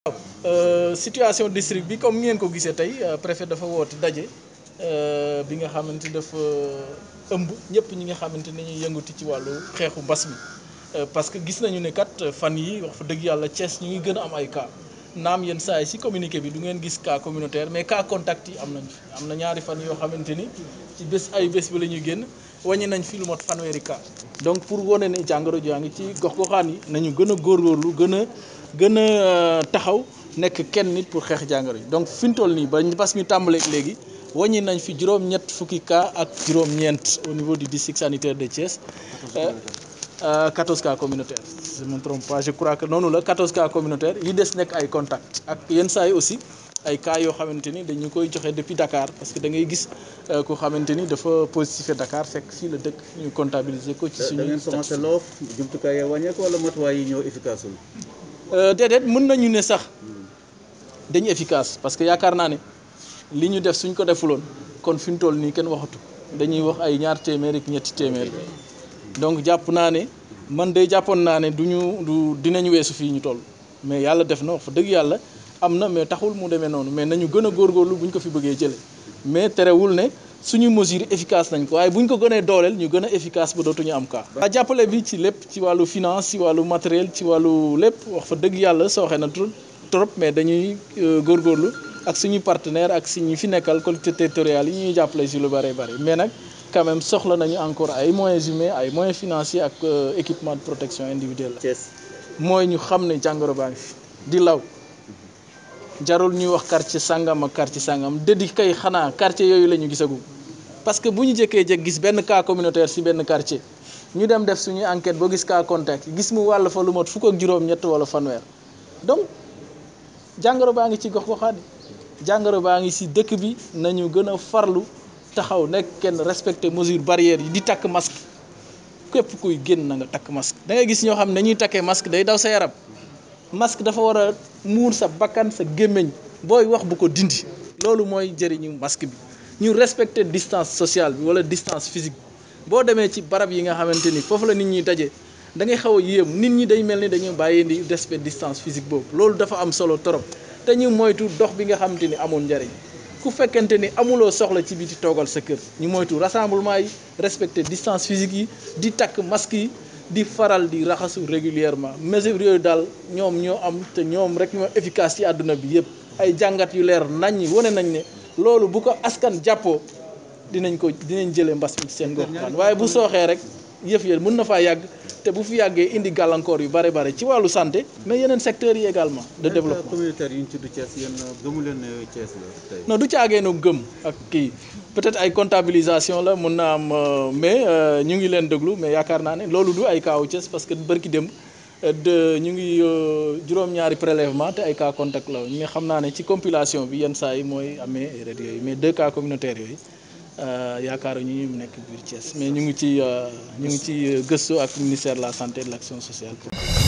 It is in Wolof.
waaw euh, situation district bi comme ngeen ko gisee tey euh, préfet dafa woote daje euh, bi nga xamante dafa ëmb ñëpp ñi nga xamante ne ñuy yëngatu ci wàllu xeexu mbas mi parce que gis nañu ne kat fan yi wax dëgg yàlla Thiès ñu ngi gën am ay cas naam yenn saa si communiqué bi du ngeen gis cas communautaire mais cas contact yi am nañ fi am na ñaari fan yoo xamante ni ci bés ay bés bi la ñuy génn wàññi nañ fi lu mot fanweeri cas donc pour wane ne jàngoro jaa ngi ci gox yi nañu gën a góorgóorlu gën a gën a euh, taxaw nekk kenn nit pour xeex jàngoro yi donc fi ñu toll nii ba parce que ñu tàmbaleeg léegi wàññi nañ fi juróom-ñett fukki cas ak juróom-ñeent au niveau du district sanitaire de Thiès. 14 euh, cas communautaires je me trompe pas je crois que noonu la 14 cas communautaires yi des nekk ay contact ak yenn saa yi aussi ay cas yoo xamante ni dañu koy joxe depuis Dakar parce que da ngay gis euh, ku xamante ni dafa positif Dakar fekk fii la dëkk ñu comptabiliser ko. ci suñu da ngeen commencé loof jumtukaay yi wàññeeku wala matuwaay yi ñoo efficace Euh, déedéet mën nañu ne sax dañu efficace parce que yaakaar naa ne li ñu def suñ ko defuloon kon fi mu toll nii kenn waxatu dañuy wax ay ñaar téeméeri ak ñetti téeméer donc jàpp naa ne man de jàppoon naa ne du ñu du dinañu weesu fii ñu toll mais yàlla def na wax fa dëgg yàlla am na mais taxul mu demee noonu mais nañu gën a góorgóorlu bu ñu ko fi bëggee jëlee mais terewul ne. suñu mesure efficace nañ ko waaye bu ñu ko gënee dooleel ñu gën a efficace ba dootuñu am cas. a jàppale bi ci lépp ci wàllu finance ci wàllu matériel ci wàllu lépp wax fa dëgg yàlla sooxe na trop mais dañuy euh, góorgóorlu ak suñu partenaire ak ñu fi nekkal collectivités territoriales yi ñuy jàppale si lu bare bare mais nag quand soxla nañu encore ay moyens humains ay moyens financiers ak euh, équipement de protection individuelle. mooy ñu xam ne jàngoro baa ngi fi di law. jarul ñuy wax quartier sangam ak quartier sangam dëddi kay xanaa quartier yooyu la ñu gisagu parce que bu ñu jëkkee jëkk gis benn cas communautaire si benn quartier ñu dem def suñuy enquête boo gis cas contact gis mu wàll fa lu mot fukk ak juróom-ñett wala fanweer donc jàngoro baa ngi ci gox goxaat jàngaro baa ngi si dëkk bi nañu gën a farlu taxaw nekk kenn respecté mesure barrière yi di takk masque képp kuy génn na nga takk masque da ngay gis ñoo xam ne dañuy takkee masque day daw sa yaram. masque dafa war a muur sa bakkan sa gémmiñ booy wax bu ko dindi loolu mooy njëriñu masque bi ñu respecter distance sociale bi wala distance physique boo demee ci barab yi nga xamante ni foofu la nit ñi daje da ngay xaw a yéem nit ñi day mel ni dañu bàyyi di respect distance physique boobu loolu dafa am solo trop te ñu moytu dox bi nga xamante ni amul njëriñ ku fekkente ni amuloo soxla ci biti toogal sa kër ñu moytu rassemblement yi respecter distance physique yi di takk masque yi di faral di raxasu régulièrement mesures yooyu daal ñoom ñoo am te ñoom rek ñoo efficace ci àdduna bi yëpp ay jàngat yu leer nañ ñi wane nañ ne loolu bu ko askan jàppoo dinañ ko dinañ jëlee mbas mi seen gox waaye bu sooxee rek yëf yéen mën na faa yàgg te bu fi yàggee indi gàllankoor yu bare bare ci wàllu santé mais yeneen secteurs yi également de développement communautaire yi ñu ci du Thiès leen ne la tey non du caagee nu gëm ak kii peut-être ay comptabilisation la mun na am euh, mais euh, ñu ngi leen déglu mais yaakaar naa ne loolu du ay kaawu Thiès parce que bërki démb de ñu ngi euh, juróom-ñaari prélèvement te ay cas contact la nga xam naa ne ci compilation bi yenn saa yi mooy amee erreur yooyu mais de cas communautaires yooyu Euh, yaakaar ñu mu nekk biir Thiès mais ñu ngi ci euh, ñu ngi ci euh, gëstu ak ministère la santé et de l'action sociale